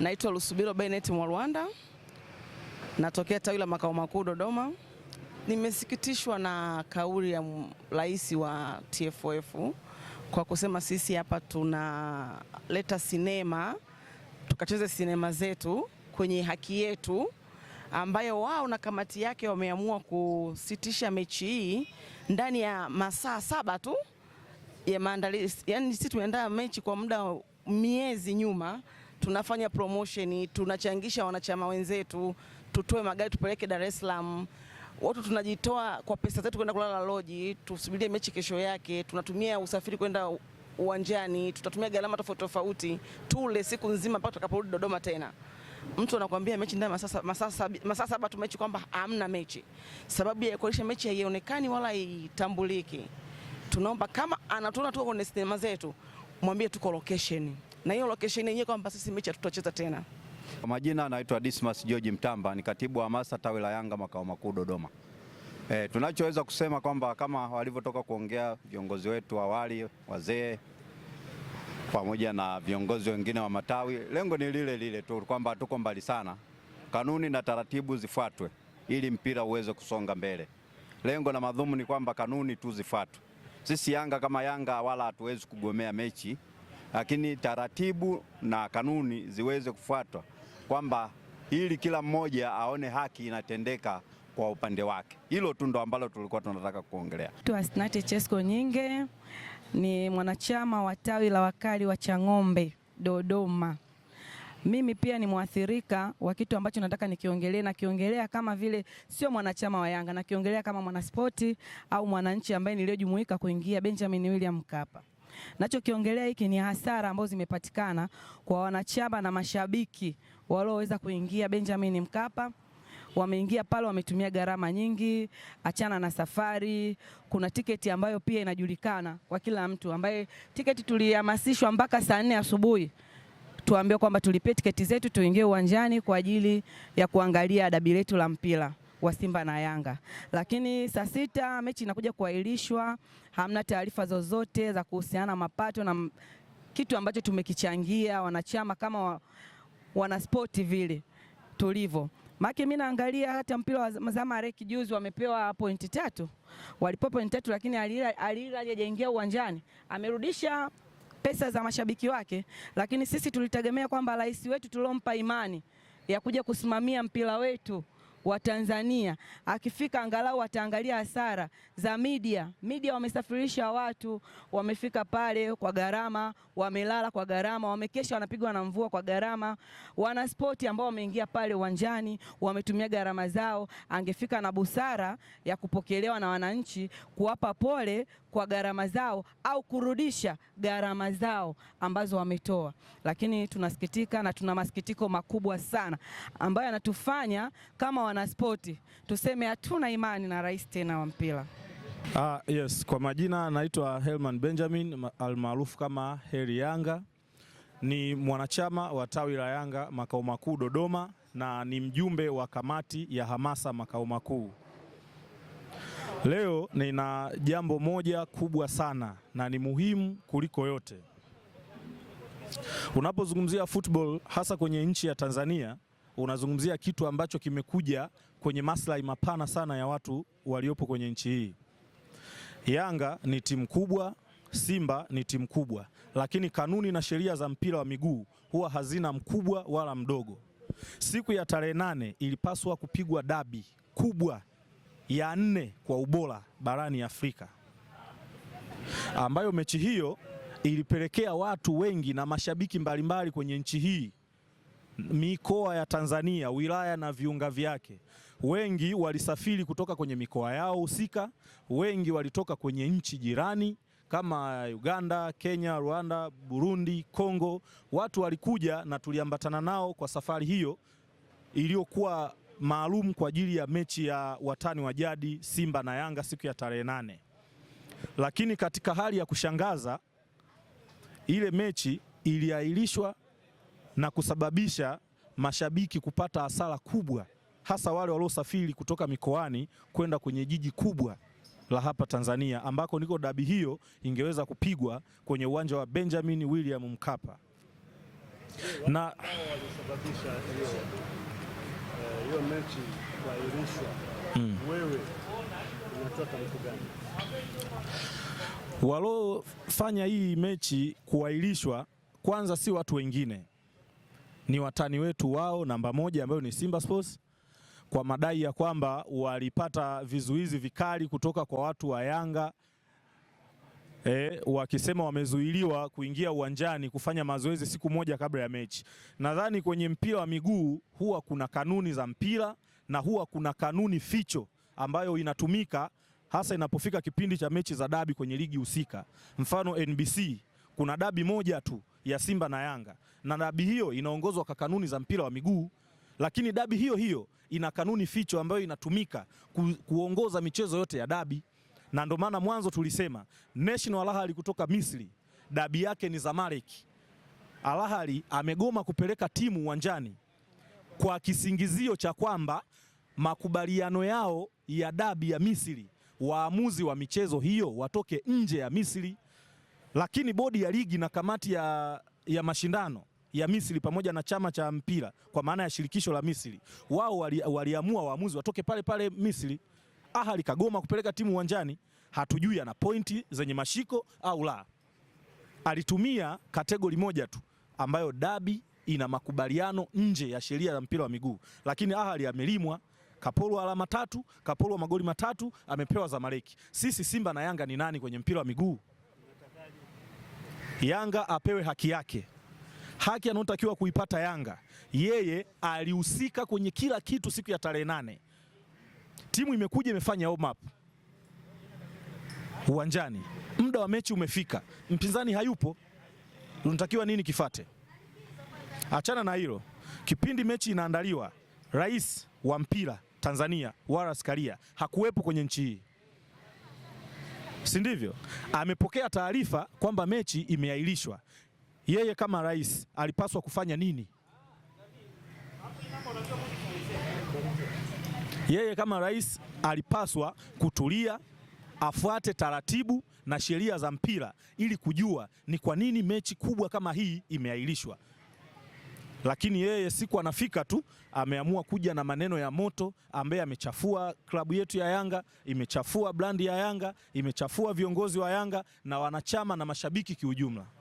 Naitwa Lusubiro Bennett Mwalwanda, natokea tawi la makao makuu Dodoma. Nimesikitishwa na kauli ya rais wa TFF kwa kusema sisi hapa tunaleta sinema tukacheze sinema zetu kwenye haki yetu, ambayo wao na kamati yake wameamua kusitisha mechi hii ndani ya masaa saba tu ya maandalizi. Yani sisi tumeandaa mechi kwa muda miezi nyuma tunafanya promotion, tunachangisha wanachama wenzetu, tutoe magari tupeleke Dar es Salaam watu tunajitoa kwa pesa zetu kwenda kulala loji, tusubirie mechi kesho yake. Tunatumia usafiri kwenda uwanjani, tutatumia gharama tofauti tofauti, tule siku nzima mpaka tukaporudi Dodoma tena. Mtu anakuambia mechi ndani masaa masaa saba tu mechi, kwamba hamna mechi. Sababu ya kuonesha mechi haionekani wala itambuliki. Tunaomba kama anatuona tu kwenye sinema zetu, mwambie tuko location na hiyo location yenyewe kwamba sisi mechi hatutacheza tena. Kwa majina anaitwa Dismas George Mtamba, ni katibu wa hamasa tawi la Yanga makao makuu Dodoma. E, tunachoweza kusema kwamba kama walivyotoka kuongea viongozi wetu awali, wazee pamoja na viongozi wengine wa matawi, lengo ni lile lile tu kwamba tuko mbali sana, kanuni na taratibu zifuatwe ili mpira uweze kusonga mbele. Lengo na madhumuni kwamba kanuni tu zifuatwe. Sisi Yanga kama Yanga wala hatuwezi kugomea mechi lakini taratibu na kanuni ziweze kufuatwa kwamba ili kila mmoja aone haki inatendeka kwa upande wake. Hilo tu ndo ambalo tulikuwa tunataka kuongelea. Asnate Chesko Nyinge ni mwanachama wa tawi la wakali wa Chang'ombe Dodoma. Mimi pia ni mwathirika wa kitu ambacho nataka nikiongelee, na kiongelea kama vile sio mwanachama wa Yanga, na kiongelea kama mwanaspoti au mwananchi ambaye niliyojumuika kuingia Benjamin William Mkapa. Nachokiongelea hiki ni hasara ambazo zimepatikana kwa wanachama na mashabiki walioweza kuingia Benjamin Mkapa wameingia pale, wametumia gharama nyingi, achana na safari. Kuna tiketi ambayo pia inajulikana kwa kila mtu, ambaye tiketi tulihamasishwa mpaka saa nne asubuhi tuambiwe kwamba tulipie tiketi zetu tuingie uwanjani kwa ajili ya kuangalia dabi letu la mpira wa Simba na Yanga, lakini saa sita mechi inakuja kuahirishwa. Hamna taarifa zozote za kuhusiana mapato na kitu ambacho tumekichangia wanachama kama wa, wanaspoti vile tulivyo Maki, mimi naangalia hata mpira wa Zamalek juzi wamepewa pointi tatu, walipewa pointi tatu, lakini Alila hajaingia uwanjani, amerudisha pesa za mashabiki wake, lakini sisi tulitegemea kwamba rais wetu tuliompa imani ya kuja kusimamia mpira wetu wa Tanzania akifika angalau ataangalia hasara za media. Media wamesafirisha watu, wamefika pale kwa gharama, wamelala kwa gharama, wamekesha, wanapigwa na mvua kwa gharama. Wana spoti ambao wameingia pale uwanjani wametumia gharama zao. Angefika na busara ya kupokelewa na wananchi, kuwapa pole kwa gharama zao au kurudisha gharama zao ambazo wametoa. Lakini tunasikitika na tuna masikitiko makubwa sana ambayo yanatufanya kama wana wanaspoti tuseme hatuna imani na rais tena wa mpira. Ah, yes, kwa majina naitwa Helman Benjamin almaarufu kama Heri Yanga, ni mwanachama wa tawi la Yanga makao makuu Dodoma na ni mjumbe wa kamati ya hamasa makao makuu. Leo nina jambo moja kubwa sana na ni muhimu kuliko yote. Unapozungumzia football hasa kwenye nchi ya Tanzania unazungumzia kitu ambacho kimekuja kwenye maslahi mapana sana ya watu waliopo kwenye nchi hii. Yanga ni timu kubwa, Simba ni timu kubwa, lakini kanuni na sheria za mpira wa miguu huwa hazina mkubwa wala mdogo. Siku ya tarehe nane ilipaswa kupigwa dabi kubwa ya nne kwa ubora barani Afrika, ambayo mechi hiyo ilipelekea watu wengi na mashabiki mbalimbali kwenye nchi hii mikoa ya Tanzania, wilaya na viunga vyake. Wengi walisafiri kutoka kwenye mikoa yao husika, wengi walitoka kwenye nchi jirani kama Uganda, Kenya, Rwanda, Burundi, Kongo. Watu walikuja na tuliambatana nao kwa safari hiyo iliyokuwa maalum kwa ajili ya mechi ya watani wa jadi Simba na Yanga siku ya tarehe nane. Lakini katika hali ya kushangaza ile mechi iliahirishwa na kusababisha mashabiki kupata hasara kubwa, hasa wale waliosafiri kutoka mikoani kwenda kwenye jiji kubwa la hapa Tanzania ambako ndiko dabi hiyo ingeweza kupigwa kwenye uwanja wa Benjamin William Mkapa. na walisababisha hiyo mechi kuahirishwa. Wewe unatoa tamko gani? Walofanya hii mechi kuahirishwa, kwanza si watu wengine ni watani wetu wao namba moja ambayo ni Simba Sports kwa madai ya kwamba walipata vizuizi vikali kutoka kwa watu wa Yanga e, wakisema wamezuiliwa kuingia uwanjani kufanya mazoezi siku moja kabla ya mechi. Nadhani kwenye mpira wa miguu huwa kuna kanuni za mpira na huwa kuna kanuni ficho ambayo inatumika hasa inapofika kipindi cha mechi za dabi kwenye ligi husika. Mfano NBC kuna dabi moja tu ya Simba na Yanga, na dabi hiyo inaongozwa kwa kanuni za mpira wa miguu, lakini dabi hiyo hiyo ina kanuni ficho ambayo inatumika ku, kuongoza michezo yote ya dabi, na ndio maana mwanzo tulisema National Al Ahly kutoka Misri dabi yake ni Zamalek. Al Ahly amegoma kupeleka timu uwanjani kwa kisingizio cha kwamba makubaliano yao ya dabi ya Misri waamuzi wa michezo hiyo watoke nje ya Misri. Lakini bodi ya ligi na kamati ya, ya mashindano ya Misri pamoja na chama cha mpira kwa maana ya shirikisho la Misri, wao waliamua wali waamuzi watoke pale pale Misri. Ahali kagoma kupeleka timu uwanjani, hatujui ana pointi zenye mashiko au la. Alitumia kategori moja tu ambayo dabi ina makubaliano nje ya sheria ya mpira wa miguu, lakini Ahali amelimwa Kapolwa alama tatu, Kapolwa magoli matatu, amepewa Zamaleki. Sisi Simba na Yanga ni nani kwenye mpira wa miguu? Yanga apewe haki yake, haki anayotakiwa kuipata Yanga. Yeye alihusika kwenye kila kitu. Siku ya tarehe nane timu imekuja imefanya warm up uwanjani, muda wa mechi umefika, mpinzani hayupo, unatakiwa nini kifate? Achana na hilo. Kipindi mechi inaandaliwa, rais wa mpira Tanzania Wallace Karia hakuwepo kwenye nchi hii si ndivyo? Amepokea taarifa kwamba mechi imeahirishwa, yeye kama rais alipaswa kufanya nini? Yeye kama rais alipaswa kutulia, afuate taratibu na sheria za mpira ili kujua ni kwa nini mechi kubwa kama hii imeahirishwa lakini yeye siku anafika tu ameamua kuja na maneno ya moto, ambaye amechafua klabu yetu ya Yanga, imechafua brandi ya Yanga, imechafua viongozi wa Yanga na wanachama na mashabiki kiujumla.